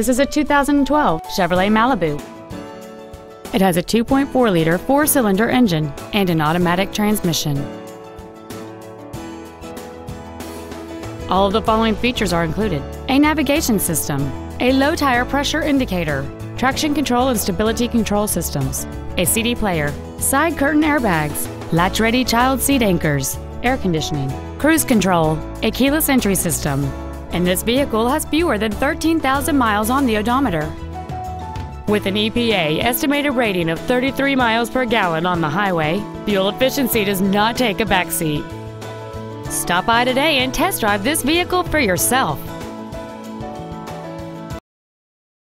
This is a 2012 Chevrolet Malibu. It has a 2.4 liter four cylinder engine and an automatic transmission. All of the following features are included a navigation system, a low tire pressure indicator, traction control and stability control systems, a CD player, side curtain airbags, latch ready child seat anchors, air conditioning, cruise control, a keyless entry system, and this vehicle has fewer than 13,000 miles on the odometer. With an EPA estimated rating of 33 miles per gallon on the highway, fuel efficiency does not take a backseat. Stop by today and test drive this vehicle for yourself.